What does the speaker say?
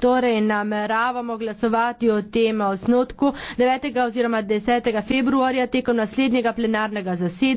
torej nameravamo glasovati o tem osnotku 9. oziroma 10. februarja tekom naslednjega plenarnega zasedanja.